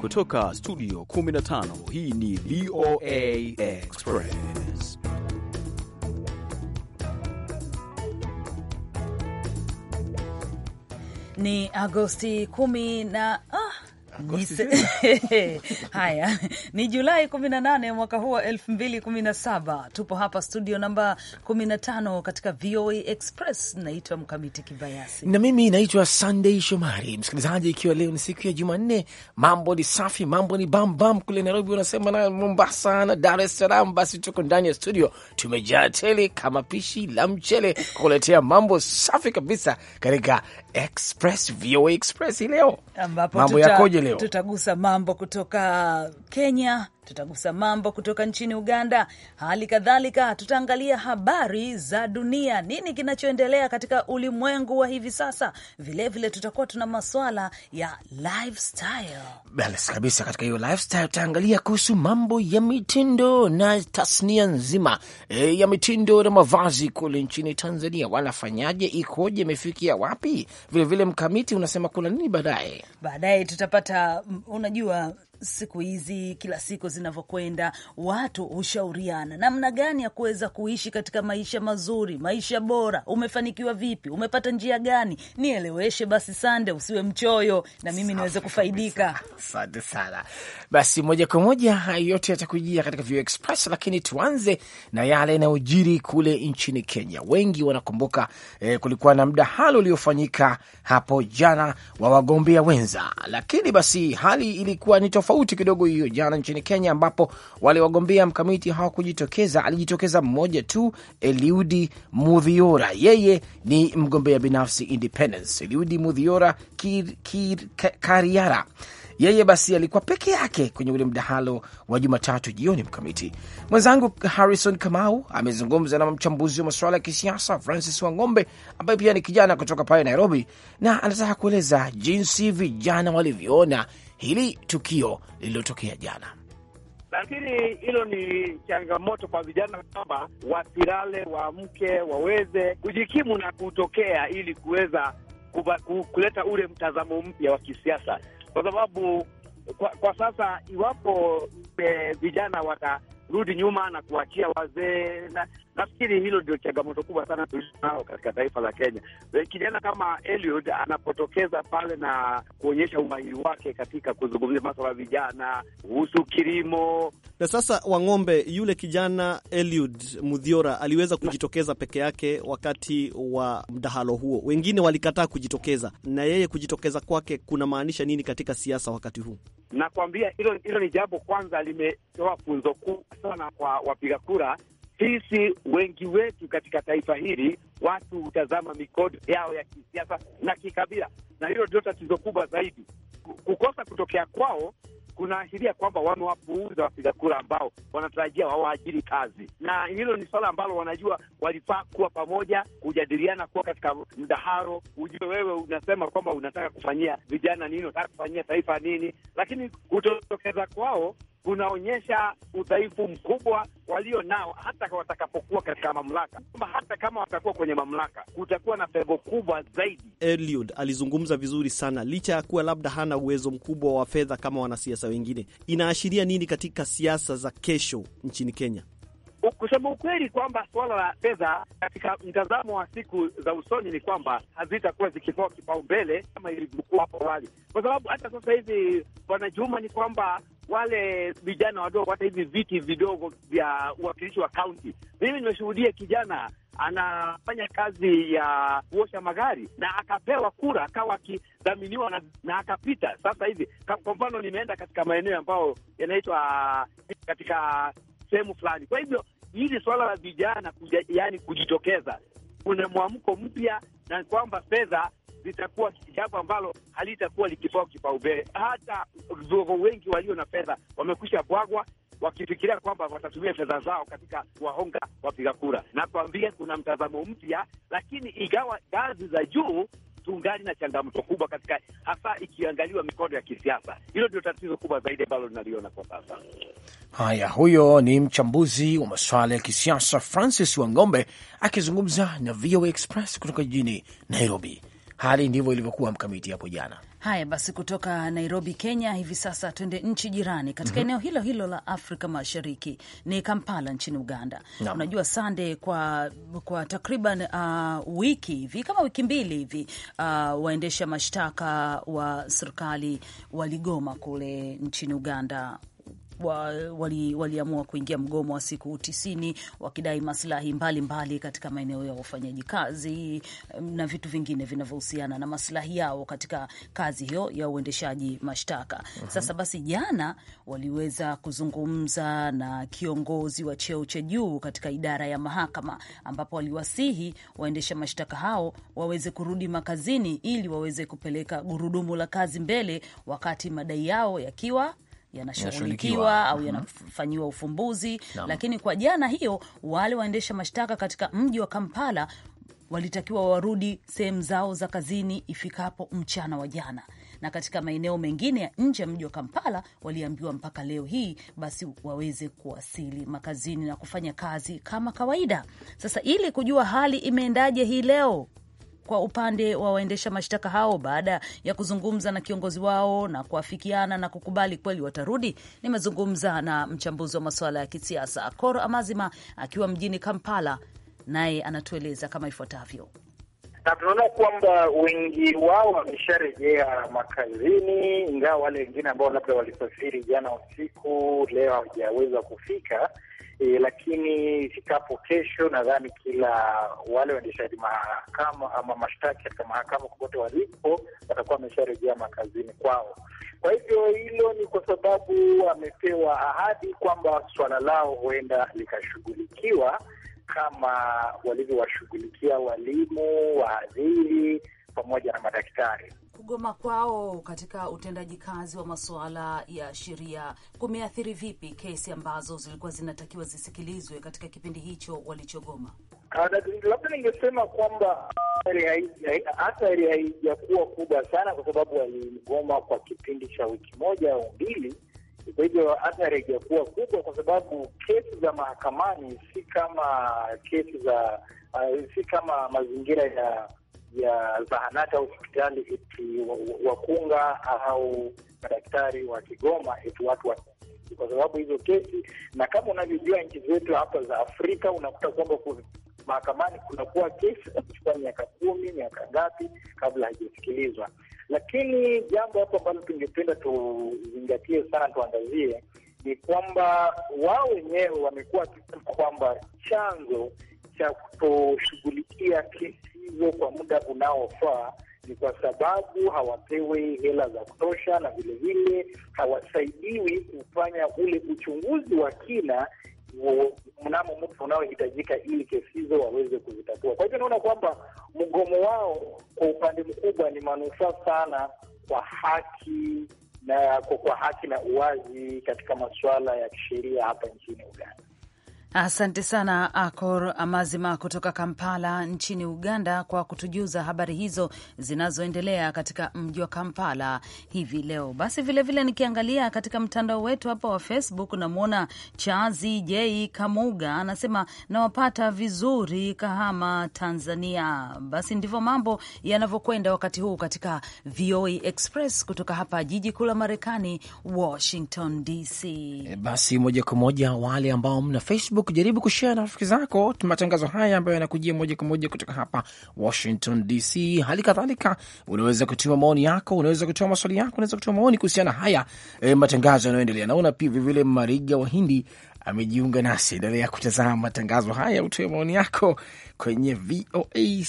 Kutoka studio 15 hii ni VOA Express. Ni Agosti kumi na Haya, ni Julai 18 mwaka huu wa 2017. Tupo hapa studio namba 15 katika VOA Express. Naitwa Mkamiti Kibayasi na mimi naitwa Sunday Shomari. Msikilizaji, ikiwa leo ni siku ya Jumanne, mambo ni safi, mambo ni bambam kule Nairobi unasema na Mombasa na Dar es Salaam. Basi tuko ndani ya studio, tumejaa tele kama pishi la mchele kukuletea mambo safi kabisa katika Express VOA Express leo, ambapo mambo yakoje leo? Tutagusa mambo kutoka Kenya, tutagusa mambo kutoka nchini Uganda. Hali kadhalika tutaangalia habari za dunia, nini kinachoendelea katika ulimwengu wa hivi sasa. Vilevile tutakuwa tuna maswala ya lifestyle kabisa. Katika hiyo lifestyle tutaangalia kuhusu mambo ya mitindo na tasnia nzima e, ya mitindo na mavazi kule nchini Tanzania, wanafanyaje, ikoje, imefikia wapi? Vilevile vile mkamiti unasema kuna nini baadaye. Baadaye tutapata unajua siku hizi, kila siku zinavyokwenda, watu hushauriana namna gani ya kuweza kuishi katika maisha mazuri, maisha bora. Umefanikiwa vipi? Umepata njia gani? Nieleweshe basi, Sande, usiwe mchoyo na mimi niweze kufaidika. Asante sana. Basi moja kwa moja hayo yote yatakujia katika View Express, lakini tuanze na yale yanayojiri kule nchini Kenya. Wengi wanakumbuka eh, kulikuwa na mdahalo uliofanyika hapo jana wa wagombea wenza, lakini basi hali ilikuwa ni tofauti tofauti kidogo hiyo jana nchini Kenya, ambapo wale wagombea mkamiti hawakujitokeza. Alijitokeza mmoja tu, Eliudi Mudhiora, yeye ni mgombea binafsi independence. Eliudi Mudhiora kir, kir, Kariara yeye basi alikuwa peke yake kwenye ule mdahalo wa Jumatatu jioni. Mkamiti mwenzangu Harrison Kamau amezungumza na mchambuzi wa masuala ya kisiasa Francis Wang'ombe ambaye pia ni kijana kutoka pale Nairobi, na anataka kueleza jinsi vijana walivyoona hili tukio lililotokea jana. lakini hilo ni changamoto kwa vijana kwamba wasilale, waamke, waweze kujikimu na kutokea, ili kuweza kuleta ule mtazamo mpya wa kisiasa, kwa sababu kwa, kwa sasa iwapo e, vijana wata kurudi nyuma na kuachia wazee, na nafikiri hilo ndio changamoto kubwa sana tulionao katika taifa la Kenya. Eh, kijana kama Eliud anapotokeza pale na kuonyesha umahiri wake katika kuzungumzia maswala ya vijana kuhusu kilimo. Na sasa, Wang'ombe, yule kijana Eliud Mudhiora aliweza kujitokeza peke yake wakati wa mdahalo huo, wengine walikataa kujitokeza, na yeye kujitokeza kwake kunamaanisha nini katika siasa wakati huu? Nakwambia hilo hilo ni jambo kwanza, limetoa funzo kubwa sana kwa wapiga kura. Sisi wengi wetu katika taifa hili watu hutazama mikodo yao ya kisiasa na kikabila, na hilo ndio tatizo kubwa zaidi. Kukosa kutokea kwao kunaashiria kwamba wamewapuuza wapiga kura ambao wanatarajia wawaajiri kazi, na hilo ni swala ambalo wanajua walifaa kuwa pamoja, kujadiliana, kuwa katika mdaharo, ujue wewe unasema kwamba unataka kufanyia vijana nini, unataka kufanyia taifa nini, lakini kutotokeza kwao unaonyesha udhaifu mkubwa walio nao hata watakapokuwa katika mamlaka, kwamba hata kama watakuwa kwenye mamlaka kutakuwa na pengo kubwa zaidi. Eliud alizungumza vizuri sana, licha ya kuwa labda hana uwezo mkubwa wa fedha kama wanasiasa wengine. Inaashiria nini katika siasa za kesho nchini Kenya? Kusema ukweli kwamba suala la fedha katika mtazamo wa siku za usoni ni kwamba hazitakuwa zikipewa kipaumbele kama ilivyokuwa hapo awali, kwa sababu hata sasa hivi, Bwana Juma, ni kwamba wale vijana wadogo, hata hivi viti vidogo vya uwakilishi wa kaunti. Mimi nimeshuhudia kijana anafanya kazi ya kuosha magari na akapewa kura, akawa akidhaminiwa na, na akapita. Sasa hivi kwa mfano, nimeenda katika maeneo ambayo yanaitwa katika sehemu fulani. Kwa hivyo hili suala la vijana kuja, yani kujitokeza, kuna mwamko mpya na kwamba fedha litakuwa jambo ambalo halitakuwa likipewa kipaumbele. Hata vigogo wengi walio na fedha wamekwisha bwagwa wakifikiria kwamba watatumia fedha zao katika kuwahonga wapiga kura. Nakwambia kuna mtazamo mpya, lakini ingawa ngazi za juu tungali na changamoto kubwa katika, hasa ikiangaliwa mikondo ya kisiasa. Hilo ndio tatizo kubwa zaidi ambalo linaliona kwa sasa. Haya, huyo ni mchambuzi wa masuala ya kisiasa Francis Wangombe akizungumza na VOA Express kutoka jijini Nairobi hali ndivyo ilivyokuwa mkamiti hapo jana. Haya basi, kutoka Nairobi, Kenya, hivi sasa tuende nchi jirani katika mm -hmm. eneo hilo hilo la Afrika Mashariki ni Kampala nchini Uganda no. Unajua sande, kwa, kwa takriban uh, wiki hivi kama wiki mbili hivi uh, waendesha mashtaka wa serikali waligoma kule nchini Uganda waliamua wali kuingia mgomo wa siku tisini wakidai maslahi mbalimbali katika maeneo ya ufanyaji kazi na vitu vingine vinavyohusiana na maslahi yao katika kazi hiyo ya uendeshaji mashtaka. Mhm. Sasa basi, jana waliweza kuzungumza na kiongozi wa cheo cha juu katika idara ya mahakama, ambapo waliwasihi waendesha mashtaka hao waweze kurudi makazini ili waweze kupeleka gurudumu la kazi mbele, wakati madai yao yakiwa yanashughulikiwa au yanafanyiwa mhm. ufumbuzi Naam. Lakini kwa jana hiyo wale waendesha mashtaka katika mji wa Kampala walitakiwa warudi sehemu zao za kazini ifikapo mchana wa jana, na katika maeneo mengine ya nje ya mji wa Kampala waliambiwa mpaka leo hii basi waweze kuwasili makazini na kufanya kazi kama kawaida. Sasa ili kujua hali imeendaje hii leo kwa upande wa waendesha mashtaka hao, baada ya kuzungumza na kiongozi wao na kuafikiana na kukubali kweli watarudi. Nimezungumza na mchambuzi wa masuala ya kisiasa kor Amazima akiwa mjini Kampala, naye anatueleza kama ifuatavyo na tunaona kwamba wengi wao wamesharejea makazini, ingawa wale wengine ambao labda walisafiri jana usiku leo hawajaweza kufika e, lakini ifikapo kesho nadhani kila wale waendeshaji mahakama ama mashtaki katika mahakama kokote walipo watakuwa wamesharejea makazini kwao. Kwa hivyo hilo ni kwa sababu wamepewa ahadi kwamba swala lao huenda likashughulikiwa kama walivyowashughulikia walimu, waadhiri pamoja na madaktari. Kugoma kwao katika utendaji kazi wa masuala ya sheria kumeathiri vipi kesi ambazo zilikuwa zinatakiwa zisikilizwe katika kipindi hicho walichogoma? Labda ningesema kwamba athari haijakuwa kubwa sana, kwa sababu waligoma kwa kipindi cha wiki moja au mbili, kwa hivyo athari haijakuwa kubwa, kwa sababu kesi za mahakamani si kama kesi za uh, si kama mazingira ya ya zahanati au hospitali, eti wakunga au madaktari wa Kigoma eti watu wa kwa sababu hizo kesi, na kama unavyojua nchi zetu hapa za Afrika, unakuta kwamba mahakamani kunakuwa kesi za kuchukua miaka kumi miaka ngapi kabla haijasikilizwa. Lakini jambo hapo ambalo tungependa tuzingatie sana, tuangazie ni kwamba wao wenyewe wamekuwa wakisema kwamba chanzo cha kutoshughulikia kesi hizo kwa muda unaofaa ni kwa sababu hawapewi hela za kutosha, na vilevile hawasaidiwi kufanya ule uchunguzi wa kina mnamo muda unaohitajika ili kesi hizo waweze kuzitatua. Kwa hivyo naona kwamba mgomo wao kwa upande mkubwa ni manufaa sana kwa haki na kwa haki na uwazi katika masuala ya kisheria hapa nchini Uganda. Asante sana Akor Amazima kutoka Kampala nchini Uganda kwa kutujuza habari hizo zinazoendelea katika mji wa Kampala hivi leo. Basi vilevile vile nikiangalia katika mtandao wetu hapa wa Facebook namwona Chazi J Kamuga anasema nawapata vizuri Kahama, Tanzania. Basi ndivyo mambo yanavyokwenda wakati huu katika VOA e Express kutoka hapa jiji kuu la Marekani, Washington DC. E, basi moja kwa moja wale ambao mna Facebook karibu kujaribu kushare na rafiki zako matangazo haya ambayo yanakujia moja kwa moja kutoka hapa Washington DC. Hali kadhalika unaweza kutuma maoni yako, unaweza kutoa maswali yako, unaweza kutuma maoni kuhusiana haya e, matangazo yanayoendelea. Naona pia vivile Mariga wa Hindi amejiunga nasi. Endelea kutazama matangazo haya, utoe maoni yako kwenye VOA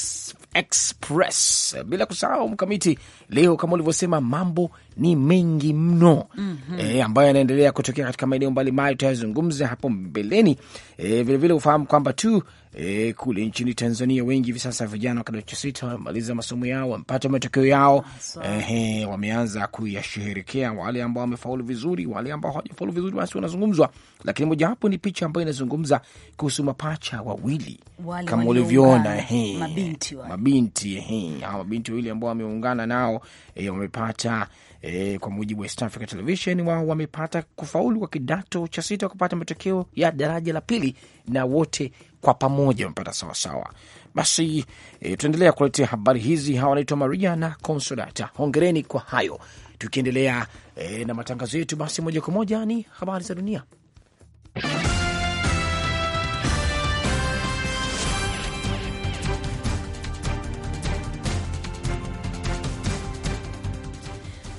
Express, bila kusahau Mkamiti. Leo kama ulivyosema, mambo ni mengi mno mm -hmm. E, ambayo yanaendelea kutokea katika maeneo mbalimbali, tutayazungumza hapo mbeleni. E, vilevile ufahamu kwamba tu e, kule nchini Tanzania wengi hivi sasa vijana wa kidato cha sita wamemaliza masomo yao, wamepata matokeo yao ah, so, ehe, wameanza kuyasherehekea. Wale ambao wamefaulu vizuri, wale ambao hawajafaulu vizuri, basi wanazungumzwa, lakini mojawapo ni picha ambayo inazungumza kuhusu mapacha wawili kama ulivyoona, ehe, mabinti wale, mabinti ehe, hao mabinti wawili ambao wameungana nao e, wamepata E, kwa mujibu wa East Africa Television wao wamepata kufaulu kwa kidato cha sita kupata matokeo ya daraja la pili, na wote kwa pamoja wamepata sawasawa. Basi e, tunaendelea kuletea habari hizi. Hawa wanaitwa Maria na Consolata, hongereni kwa hayo. Tukiendelea e, na matangazo yetu, basi moja kwa moja ni habari za dunia.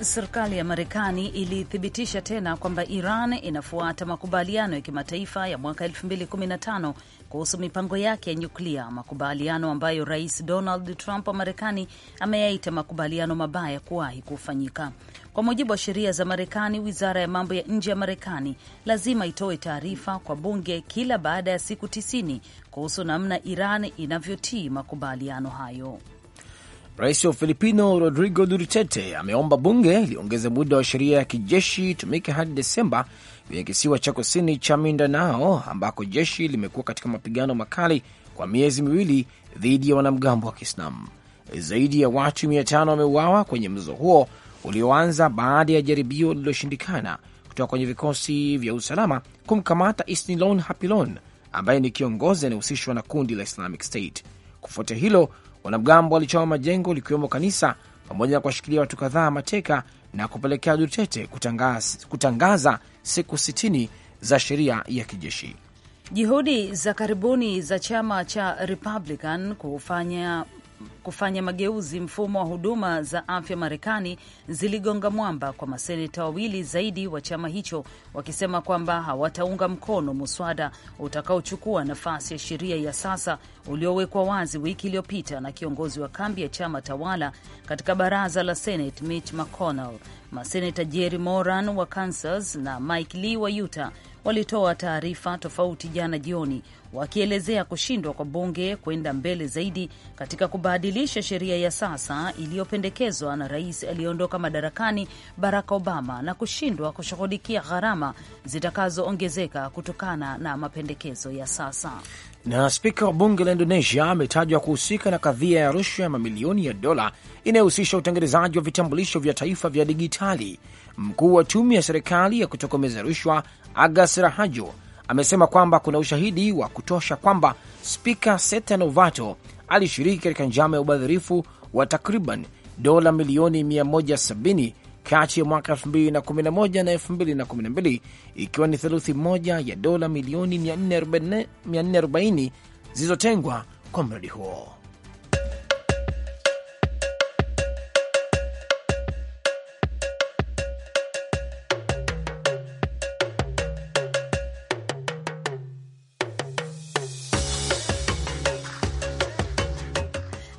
serikali ya Marekani ilithibitisha tena kwamba Iran inafuata makubaliano ya kimataifa ya mwaka 2015 kuhusu mipango yake ya nyuklia, makubaliano ambayo Rais Donald Trump wa Marekani ameyaita makubaliano mabaya kuwahi kufanyika. Kwa mujibu wa sheria za Marekani, wizara ya mambo ya nje ya Marekani lazima itoe taarifa kwa bunge kila baada ya siku 90 kuhusu namna Iran inavyotii makubaliano hayo. Rais wa Ufilipino Rodrigo Duterte ameomba bunge liongeze muda wa sheria ya kijeshi itumike hadi Desemba kwenye kisiwa cha kusini cha Mindanao ambako jeshi limekuwa katika mapigano makali kwa miezi miwili dhidi ya wanamgambo wa Kiislamu. Zaidi ya watu mia tano wameuawa kwenye mzozo huo ulioanza baada ya jaribio lililoshindikana kutoka kwenye vikosi vya usalama kumkamata Isnilon Hapilon ambaye ni kiongozi anayehusishwa na kundi la Islamic State. Kufuatia hilo Wanamgambo walichoma majengo likiwemo kanisa pamoja na kuwashikilia watu kadhaa mateka na kupelekea Duterte kutangaza, kutangaza siku sitini za sheria ya kijeshi. Juhudi za karibuni za chama cha Republican kufanya kufanya mageuzi mfumo wa huduma za afya Marekani ziligonga mwamba kwa maseneta wawili zaidi wa chama hicho wakisema kwamba hawataunga mkono muswada utakaochukua nafasi ya sheria ya sasa uliowekwa wazi wiki iliyopita na kiongozi wa kambi ya chama tawala katika baraza la Senate Mitch McConnell. Maseneta Jerry Moran wa Kansas na Mike Lee wa Utah walitoa taarifa tofauti jana jioni wakielezea kushindwa kwa bunge kwenda mbele zaidi katika kubadilisha sheria ya sasa iliyopendekezwa na rais aliyeondoka madarakani Barack Obama na kushindwa kushughulikia gharama zitakazoongezeka kutokana na mapendekezo ya sasa. Na spika wa bunge la Indonesia ametajwa kuhusika na kadhia ya rushwa ya mamilioni ya dola inayohusisha utengenezaji wa vitambulisho vya taifa vya digitali. Mkuu wa tume ya serikali ya kutokomeza rushwa Agas Rahajo amesema kwamba kuna ushahidi wa kutosha kwamba spika Seta Novato alishiriki katika njama ya ubadhirifu wa takriban dola milioni 170 kati ya mwaka 2011 na 2012, ikiwa ni theluthi moja ya dola milioni 440 zilizotengwa kwa mradi huo.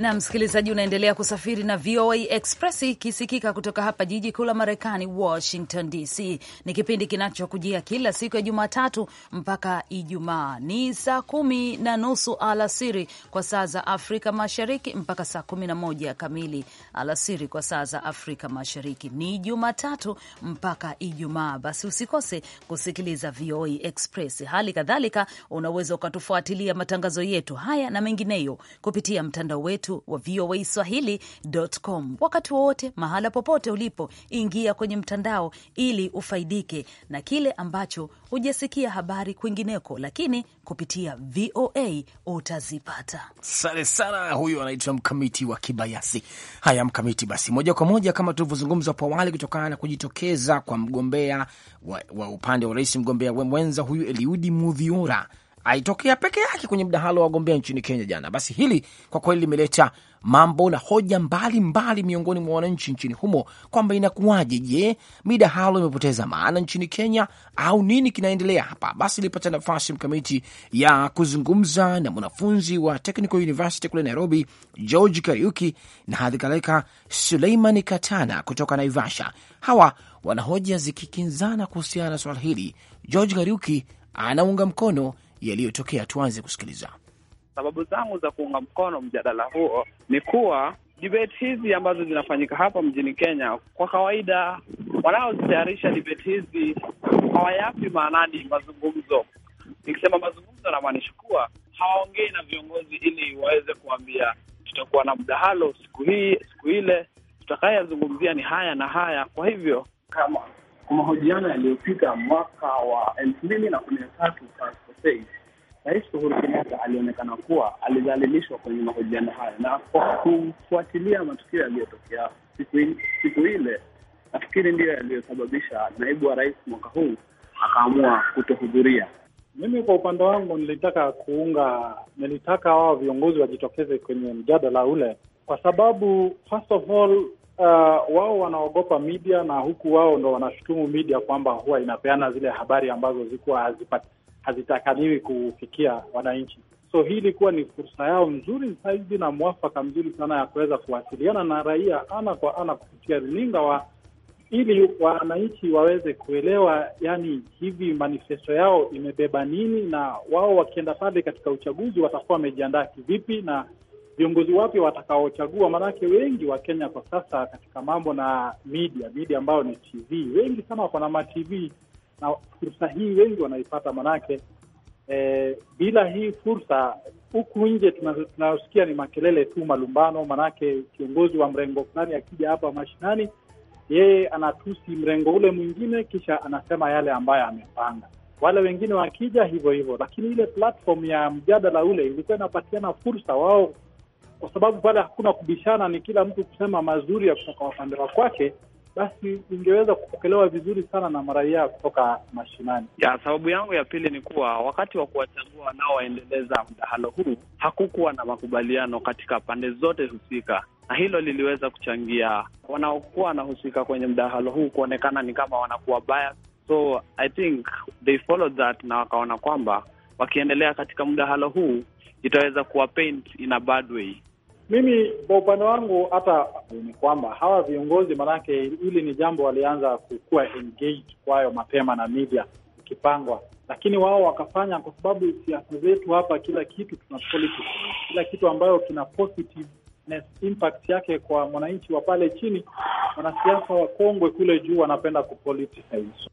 na msikilizaji, unaendelea kusafiri na VOA Express ikisikika kutoka hapa jiji kuu la Marekani, Washington DC. Ni kipindi kinachokujia kila siku ya Jumatatu mpaka Ijumaa, ni saa kumi na nusu alasiri kwa saa za Afrika Mashariki mpaka saa kumi na moja kamili alasiri kwa saa za Afrika Mashariki, ni Jumatatu mpaka Ijumaa. Basi usikose kusikiliza VOA Express. Hali kadhalika, unaweza ukatufuatilia matangazo yetu haya na mengineyo kupitia mtandao wetu wetu wa VOA Swahili.com. Wakati wowote, mahala popote ulipo, ingia kwenye mtandao ili ufaidike na kile ambacho hujasikia habari kwingineko, lakini kupitia VOA utazipata. sare sana. Huyu anaitwa Mkamiti wa Kibayasi. Haya, Mkamiti, basi moja kwa moja kama tulivyozungumza hapo awali, kutokana na kujitokeza kwa mgombea wa, wa upande wa rais, mgombea mwenza huyu Eliudi Mudhiura aitokea peke yake kwenye mdahalo wa wagombea nchini Kenya jana. Basi hili kwa kweli limeleta mambo na hoja mbalimbali mbali miongoni mwa wananchi nchini humo kwamba inakuwaje? Je, midahalo imepoteza maana nchini Kenya au nini kinaendelea hapa? Basi ilipata nafasi mkamiti ya kuzungumza na mwanafunzi wa Technical University kule Nairobi, George Kariuki, na hadhikalika Suleiman Katana kutoka Naivasha. Hawa wana hoja zikikinzana kuhusiana na swala hili. George Kariuki anaunga mkono yaliyotokea. Tuanze kusikiliza. Sababu zangu za kuunga mkono mjadala huo ni kuwa debate hizi ambazo zinafanyika hapa mjini Kenya, kwa kawaida wanaozitayarisha debate hizi hawayapi maanani mazungumzo. Nikisema mazungumzo, namaanisha kuwa hawaongei na viongozi ili waweze kuambia tutakuwa na mdahalo siku hii, siku ile, tutakayazungumzia ni haya na haya. Kwa hivyo kama kwa mahojiano yaliyopita mwaka wa elfu mbili na kumi na tatu sasa States, Rais Uhuru Kenyatta alionekana kuwa alidhalilishwa kwenye mahojiano hayo, na kwa kufuatilia matukio yaliyotokea siku, siku ile nafikiri ndiyo yaliyosababisha naibu wa rais mwaka huu akaamua kutohudhuria. Mimi kwa upande wangu nilitaka kuunga, nilitaka wao viongozi wajitokeze kwenye mjadala ule kwa sababu first of all Uh, wao wanaogopa media na huku wao ndo wanashutumu media kwamba huwa inapeana zile habari ambazo hazipati hazitakaniwi kufikia wananchi. So hii ilikuwa ni fursa yao nzuri zaidi na mwafaka mzuri sana ya kuweza kuwasiliana na raia ana kwa ana kupitia runinga wa ili wananchi waweze kuelewa, yani hivi manifesto yao imebeba nini, na wao wakienda pale katika uchaguzi watakuwa wamejiandaa kivipi na viongozi wapya watakaochagua. Maanake wengi wa Kenya kwa sasa katika mambo na media media ambayo ni TV, wengi sana wako na matv na fursa hii wengi wanaipata, manake eh, bila hii fursa huku nje tunayosikia ni makelele tu, malumbano. Manake kiongozi wa mrengo fulani akija hapa mashinani, yeye anatusi mrengo ule mwingine, kisha anasema yale ambayo amepanga wale wengine wakija hivyo hivyo, lakini ile platform ya mjadala ule ilikuwa inapatiana fursa wao, kwa sababu pale hakuna kubishana, ni kila mtu kusema mazuri ya kutoka upande wa kwake, basi ingeweza kupokelewa vizuri sana na maraia kutoka mashinani. Ya, sababu yangu ya pili ni kuwa wakati wa kuwachagua wanaoendeleza mdahalo huu hakukuwa na makubaliano katika pande zote husika, na hilo liliweza kuchangia wanaokuwa wanahusika kwenye mdahalo huu kuonekana ni kama wanakuwa baya. So I think they followed that na wakaona kwamba wakiendelea katika mdahalo huu itaweza kuwa paint in a bad way mimi kwa upande wangu hata ni kwamba hawa viongozi, maanake hili ni jambo walianza kukuwa engaged kwayo mapema na media ikipangwa, lakini wao wakafanya, kwa sababu siasa zetu hapa, kila kitu tuna politics, kila kitu ambayo kina impact yake kwa mwananchi wa pale chini, wanasiasa wakongwe kule juu wanapenda kupoliticize.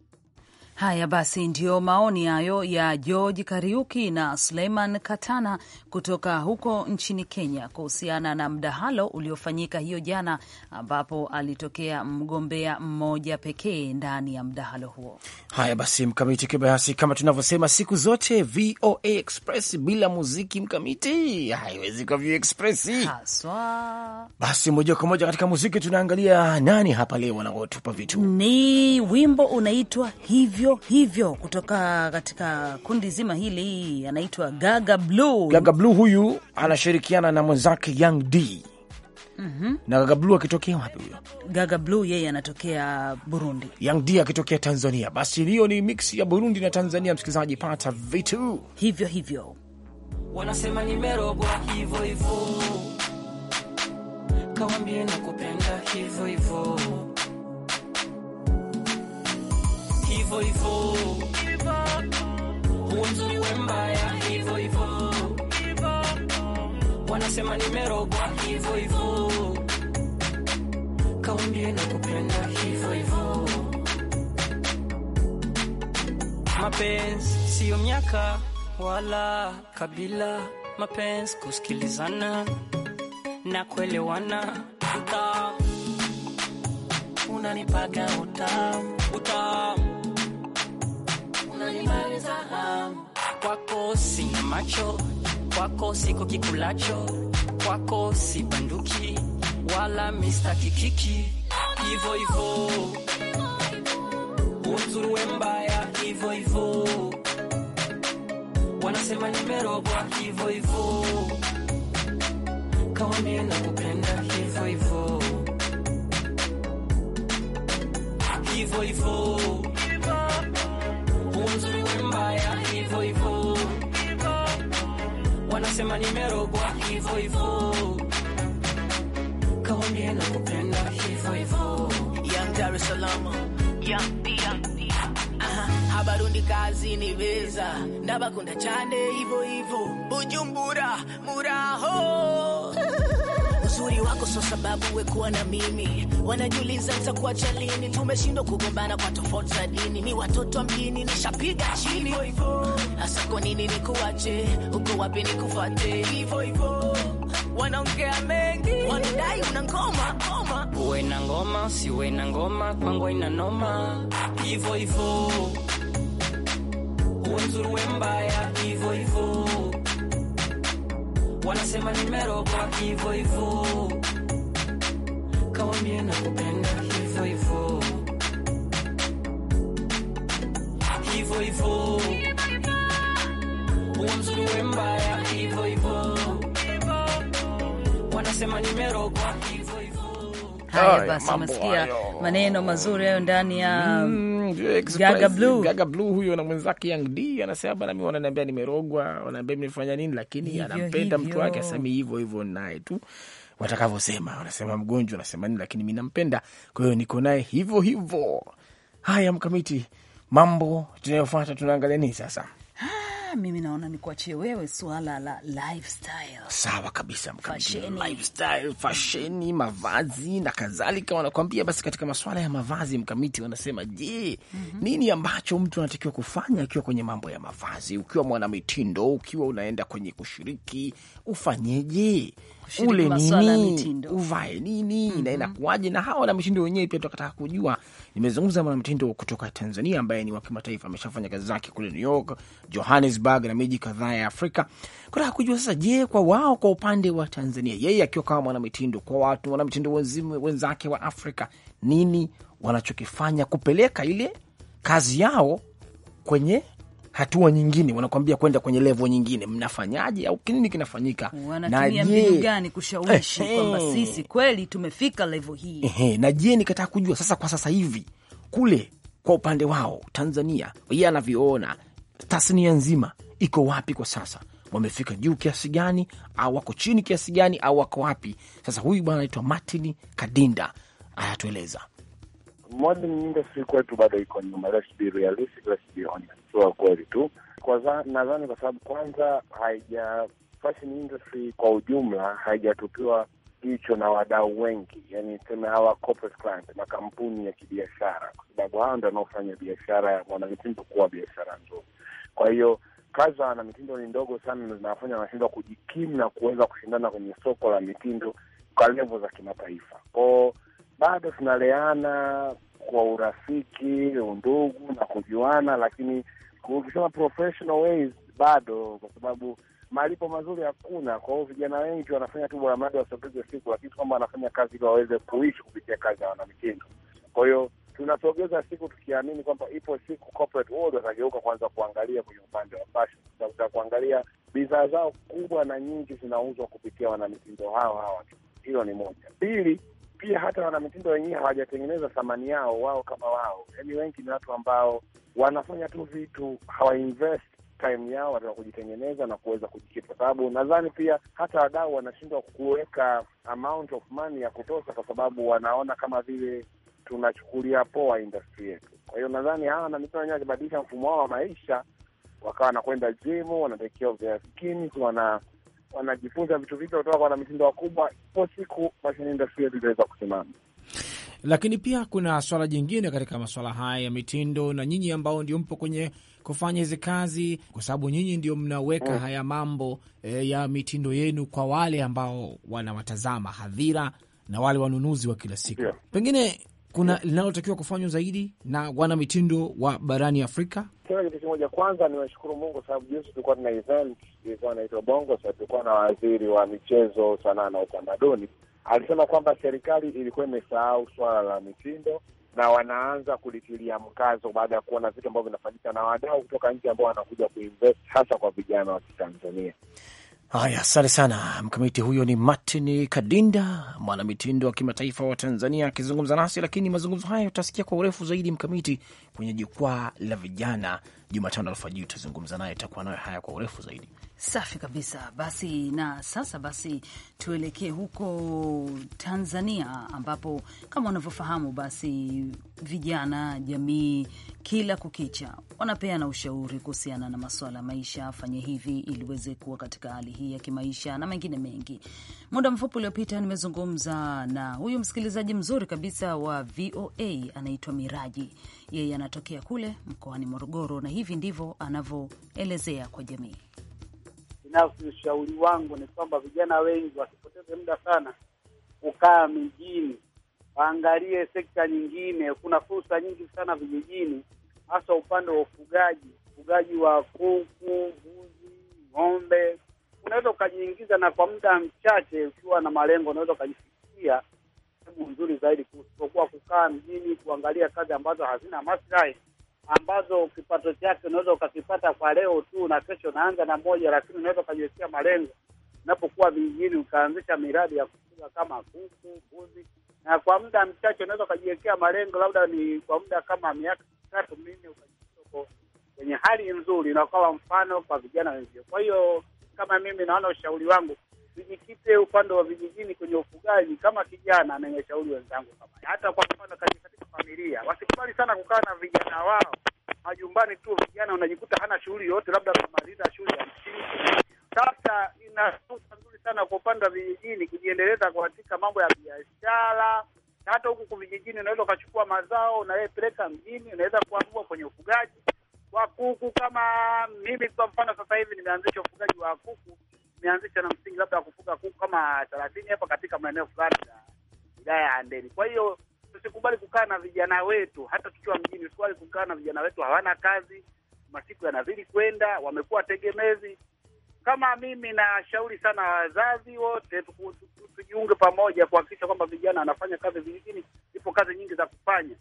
Haya basi, ndiyo maoni hayo ya George Kariuki na Suleiman Katana kutoka huko nchini Kenya kuhusiana na mdahalo uliofanyika hiyo jana, ambapo alitokea mgombea mmoja pekee ndani ya mdahalo huo. Haya basi, Mkamiti Kibayasi, kama tunavyosema siku zote, VOA Express bila muziki Mkamiti haiwezi kwa VOA Express haswa. Basi moja kwa moja katika muziki tunaangalia nani hapa leo wanaotupa vitu, ni wimbo unaitwa hivyo hivyo hivyo kutoka katika kundi zima hili, anaitwa Gaga Blue. Gaga Blue huyu anashirikiana na mwenzake Young D. Mm -hmm. Na Gaga Blue akitokea wapi huyo? Gaga Blue yeye anatokea Burundi. Young D akitokea Tanzania. Basi hiyo ni mix ya Burundi na Tanzania, msikilizaji, pata vitu hivyo hivyo. Wanasema nimerogwa hivyo hivyo. Kawambie nakupenda hivyo hivyo. hivyo wanasema nimerogwa hivyo hivyo, kaundie na kupenda hivyo hivyo. Mapenzi siyo miaka wala kabila, mapenzi kusikilizana na kuelewana. Utamu unanipaga utamu utamu Imani hamu kwako, sina macho kwako, siko kikulacho kwako, si banduki wala mista kikiki, hivyo hivyo unzuruwe mbaya, hivyo hivyo wanasema nimerogwa, hivyo hivyo kawaambie na kupenda, hivyo hivyo hivyo hivyo wasema nimerogwa hivo hivo, hivyo, na kupenda hivo hivo. Young Dar es Salaam, young young habarundi kazi ni beza ndabakunda cyane hivo hivo, Bujumbura muraho uzuri wako sio sababu we kuwa na mimi. Wanajiuliza nitakuacha lini? Tumeshindwa kugombana kwa tofauti za dini, ni watoto mjini, nishapiga chini. Hasa kwa nini nikuache? Uko wapi nikufuate? Hivyo hivyo wanaongea mengi, wanadai una ngoma ngoma, uwe na ngoma siwe na ngoma, kwangu ina noma. Hivyo hivyo uwe nzuri uwe mbaya, hivyo hivyo wanasema nimeroga hivyo hivyo, kawambie na kupenda hivyo hivo hivyo hivyo, uwe mzuri uwe mbaya hivyo hivyo, wanasema nimeroga hivyo hivyo. Haya basi, umesikia maneno mazuri hayo ndani ya mm. Gaga Blue. Gaga Blue huyo na mwenzake Young D anasema bana, mimi wananiambia nimerogwa, wananiambia nimefanya nini, lakini anampenda mtu wake asami hivyo hivyo naye tu watakavyosema, wanasema mgonjwa anasema nini, lakini mimi nampenda, kwa hiyo niko naye hivyo hivyo. Haya, mkamiti mambo tunayofuata tunaangalia nini sasa? Ah mimi naona nikuachie wewe suala la lifestyle. Sawa kabisa, lifestyle, fasheni, mavazi na kadhalika. Wanakuambia basi katika masuala ya mavazi, mkamiti wanasema je, mm -hmm. nini ambacho mtu anatakiwa kufanya akiwa kwenye mambo ya mavazi? Ukiwa mwanamitindo, ukiwa unaenda kwenye kushiriki, ufanyeje? ule nini, uvae nini mm -hmm. na mhm. inakuwaje, na hawa na mitindo wenyewe pia tunataka kujua. Nimezungumza mwanamtindo kutoka Tanzania ambaye ni wa kimataifa, ameshafanya kazi zake kule New York, Johannesburg na miji kadhaa ya Afrika, kutaka kujua sasa, je, kwa wao, kwa upande wa Tanzania, yeye akiwa kama mwanamitindo, kwa watu wanamitindo wenzake wa Afrika, nini wanachokifanya kupeleka ile kazi yao kwenye hatua nyingine, wanakwambia kwenda kwenye levo nyingine, mnafanyaje au kinini kinafanyika, wanatumia mbinu gani kushawishi kwamba sisi kweli tumefika hii. na je, nikataka kujua sasa, kwa sasa hivi kule kwa upande wao Tanzania, yeye anavyoona tasnia nzima iko wapi kwa sasa, wamefika juu kiasi gani, au wako chini kiasi gani, au wako wapi sasa? Huyu bwana anaitwa Martin Kadinda anatueleza modern industry kwetu bado iko nyuma. Let's be realistic, let's be honest, sio kweli tu. Nadhani kwa sababu kwanza haija fashion industry kwa ujumla haijatupiwa jicho na wadau wengi, yani tuseme hawa corporate makampuni ya kibiashara, kwa sababu hao ndio wanaofanya biashara ya mwanamitindo kuwa biashara nzuri. Kwa hiyo kazi za wanamitindo ni ndogo sana, na zinawafanya wanashindwa kujikimu na kuweza kushindana kwenye soko la mitindo kwa levo za kimataifa kwao bado tunaleana kwa urafiki, undugu na kujuana, lakini ukisema professional ways bado, kwa sababu malipo mazuri hakuna. Kwa hiyo vijana wengi wanafanya tu bora mradi wasogeze siku, lakini kwamba wanafanya kazi ili waweze kuishi kupitia kazi ya wanamitindo. Kwa hiyo tunasogeza siku tukiamini kwamba ipo siku corporate world watageuka kwanza kuangalia kwenye upande wa fashion, kwa sababu bidhaa zao kubwa na nyingi zinauzwa kupitia wanamitindo hao hawa. Hilo ni moja. Pili, pia hata wanamitindo wenyewe hawajatengeneza thamani yao wao kama wao. Yani wengi ni watu ambao wanafanya tu vitu, hawainvest time yao wataka kujitengeneza na kuweza kujikita, kwa sababu nadhani pia hata wadau wanashindwa kuweka amount of money ya kutosha, kwa sababu wanaona kama vile tunachukulia poa industry yetu. Kwa hiyo nadhani hawa wanamitindo wenyewe wakibadilisha mfumo wao wa maisha, wakawa wanakwenda jimu, wanatekea vya wana wanajifunza vitu vipya kutoka kwa wanamitindo wakubwa, ipo siku mashine industry yetu itaweza kusimama. Lakini pia kuna swala jingine katika masuala haya ya mitindo, na nyinyi ambao ndio mpo kwenye kufanya hizi kazi, kwa sababu nyinyi ndio mnaweka mm. haya mambo e, ya mitindo yenu kwa wale ambao wanawatazama hadhira na wale wanunuzi wa kila siku yeah. Pengine kuna linalotakiwa kufanywa zaidi na wana mitindo wa barani Afrika? Sema kitu kimoja kwanza, niwashukuru Mungu sababu juzi tulikuwa tuna event ilikuwa inaitwa Bongo, sa tulikuwa na waziri wa michezo, sanaa na utamaduni alisema kwamba serikali ilikuwa imesahau swala la mitindo na wanaanza kulitilia mkazo baada ya kuona vitu ambavyo vinafanyika na wadau kutoka nje ambao wanakuja kuinvest hasa kwa vijana wa Kitanzania. Haya, asante sana mkamiti. Huyo ni Martin Kadinda, mwanamitindo wa kimataifa wa Tanzania akizungumza nasi. Lakini mazungumzo haya utasikia kwa urefu zaidi mkamiti kwenye jukwaa la vijana Jumatano alfajiri, utazungumza naye, itakuwa nayo haya kwa urefu zaidi. Safi kabisa. Basi na sasa basi tuelekee huko Tanzania, ambapo kama unavyofahamu, basi vijana jamii kila kukicha wanapeana ushauri kuhusiana na masuala ya maisha, fanye hivi ili uweze kuwa katika hali hii ya kimaisha na mengine mengi. Muda mfupi uliopita nimezungumza na huyu msikilizaji mzuri kabisa wa VOA, anaitwa Miraji. Yeye anatokea kule mkoani Morogoro, na hivi ndivyo anavyoelezea kwa jamii binafsi, ushauri wangu ni kwamba vijana wengi wasipoteze muda sana kukaa mijini, waangalie sekta nyingine. Kuna fursa nyingi sana vijijini, hasa upande wa ufugaji, ufugaji wa kuku, mbuzi, ng'ombe. Unaweza ukajiingiza na kwa muda mchache, ukiwa na malengo, unaweza ukajifikia sehemu nzuri zaidi, kusipokuwa kukaa mjini kuangalia kazi ambazo hazina maslahi ambazo kipato chake unaweza ukakipata kwa leo tu na kesho naanza na moja, lakini unaweza ukajiwekea malengo unapokuwa vijijini, ukaanzisha miradi ya kufuga kama kuku, mbuzi, na kwa muda mchache unaweza ukajiwekea malengo, labda ni kwa muda kama miaka mitatu minne, kwenye hali nzuri na ukawa mfano kwa vijana wenzio. Kwa hiyo kama mimi naona ushauri wangu tujikite upande wa vijijini kwenye ufugaji. Kama kijana anayeshauri wenzangu, kama hata kwa mfano katika familia, wasikubali sana kukaa na vijana wao majumbani tu. Vijana unajikuta hana shughuli yoyote, labda amaliza shule ya msingi. Sasa ina fursa nzuri sana kwa upande wa vijijini kujiendeleza katika mambo ya biashara na hata huku vijijini unaweza ukachukua mazao unayepeleka mjini, unaweza kuamua kwenye ufugaji wa kuku. Kama mimi kwa mfano, sasa hivi nimeanzisha ufugaji wa kuku imeanzishwa na msingi labda ya kufuga kuku kama thelathini hapa katika maeneo fulani ya wilaya ya Handeni. Kwa hiyo tusikubali kukaa na vijana wetu, hata tukiwa mjini, tusikubali kukaa na vijana wetu, hawana kazi, masiku yanazidi kwenda, wamekuwa tegemezi. Kama mimi nashauri sana wazazi wote tujiunge pamoja kuhakikisha kwamba vijana wanafanya kazi vijijini. Ipo kazi nyingi za kufanya,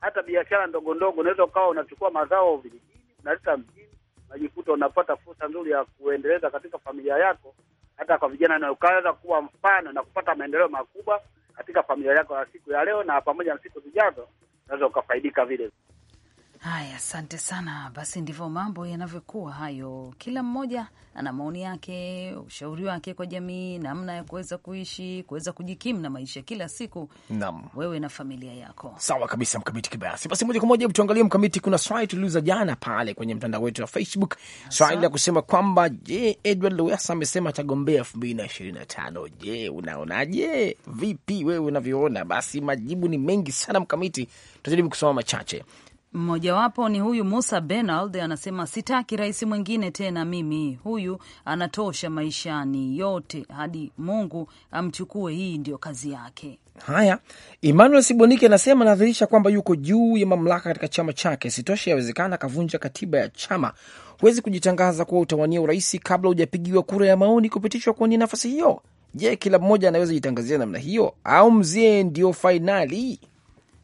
hata biashara ndogo ndogo, unaweza ukawa unachukua mazao vijijini unaleta mjini unajikuta unapata fursa nzuri ya kuendeleza katika familia yako, hata kwa vijana, na ukaweza kuwa mfano na kupata maendeleo makubwa katika familia yako ya siku ya leo na pamoja na siku zijazo, unaweza ukafaidika vile. Haya, asante sana. Basi ndivyo mambo yanavyokuwa hayo, kila mmoja ana maoni yake, ushauri wake kwa jamii, namna ya kuweza kuishi, kuweza kujikimu na maisha kila siku, nam wewe na familia yako. Sawa kabisa, Mkamiti Kibayasi. Basi moja kwa moja tuangalie, Mkamiti, kuna swali tuliuza jana pale kwenye mtandao wetu wa Facebook, swali la kusema kwamba je, Edward Lowassa amesema atagombea elfu mbili na ishirini na tano. Je, unaonaje? Vipi wewe unavyoona? Basi majibu ni mengi sana Mkamiti, tutajaribu kusoma machache. Mmojawapo ni huyu Musa Benald anasema, sitaki rais mwingine tena, mimi huyu anatosha maishani yote hadi Mungu amchukue. Hii ndio kazi yake. Haya, Emmanuel Siboniki anasema anadhihirisha kwamba yuko juu ya mamlaka katika chama chake. sitoshi yawezekana akavunja katiba ya chama. Huwezi kujitangaza kuwa utawania urais kabla hujapigiwa kura ya maoni kupitishwa kwenye nafasi hiyo. Je, kila mmoja anaweza jitangazia namna hiyo, au mzee ndio fainali?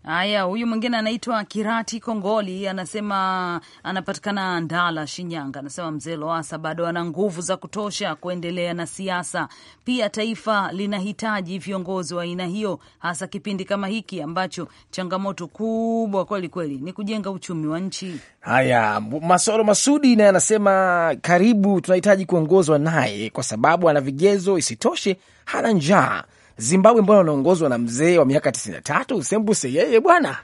Haya, huyu mwingine anaitwa Kirati Kongoli, anasema anapatikana Ndala, Shinyanga. Anasema mzee Loasa bado ana nguvu za kutosha kuendelea na siasa. Pia taifa linahitaji viongozi wa aina hiyo, hasa kipindi kama hiki ambacho changamoto kubwa kweli kweli ni kujenga uchumi wa nchi. Haya, Masoro Masudi naye anasema karibu, tunahitaji kuongozwa naye kwa sababu ana vigezo, isitoshe hana njaa Zimbabwe mbona unaongozwa na mzee wa miaka tisini na tatu Sembuse yeye bwana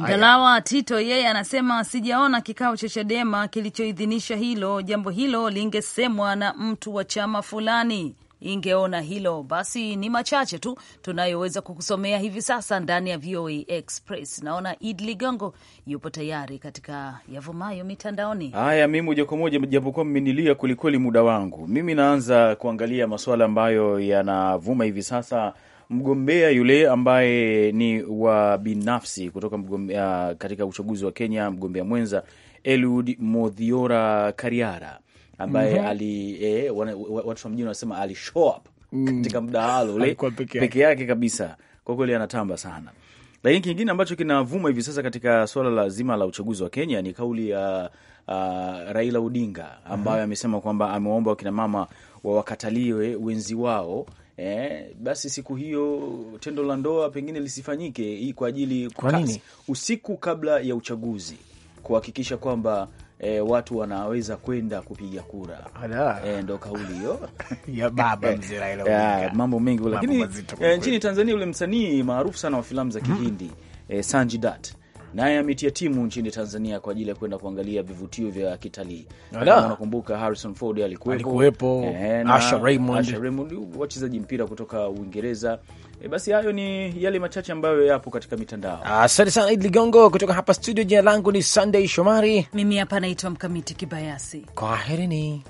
Ngalawa Tito yeye anasema sijaona kikao cha Chadema kilichoidhinisha hilo. Jambo hilo lingesemwa na mtu wa chama fulani ingeona hilo, basi ni machache tu tunayoweza kukusomea hivi sasa ndani ya VOA Express. Naona Id Ligongo yupo tayari katika yavumayo mitandaoni. Haya, mi moja kwa moja, japokuwa mmenilia kwelikweli muda wangu, mimi naanza kuangalia masuala ambayo yanavuma hivi sasa. Mgombea yule ambaye ni wa binafsi kutoka mgombea, katika uchaguzi wa Kenya, mgombea mwenza Eliud Modhiora Kariara ambaye mm -hmm. ali eh, watu wa mjini wanasema ali show up mm. katika mdahalo ule peke yake kabisa. Kwa kweli anatamba sana. Lakini kingine ambacho kinavuma hivi sasa katika suala la zima la uchaguzi wa Kenya ni kauli ya uh, uh, Raila Odinga mhm. ambayo mm -hmm. amesema kwamba amewaomba wakinamama wawakataliwe wenzi wao Eh, basi siku hiyo tendo la ndoa pengine lisifanyike hii kwa ajili usiku kabla ya uchaguzi kuhakikisha kwamba e, watu wanaweza kwenda kupiga kura e, ndo kauli hiyo ya baba mzee Raila Odinga. Mambo mengi, lakini e, nchini Tanzania ule msanii maarufu sana wa filamu za mhm. Kihindi mm. e, Sanjay Dutt naye ametia timu nchini Tanzania kwa ajili ya kwenda kuangalia vivutio vya kitalii. Nakumbuka Harrison Ford alikuwepo, eh, Asha Raymond, wachezaji mpira kutoka Uingereza. E, basi hayo ni yale machache ambayo yapo katika mitandao. Asante sana Idi Ligongo kutoka hapa studio. Jina langu ni Sunday Shomari, mimi hapa naitwa Mkamiti Kibayasi. Kwaherini.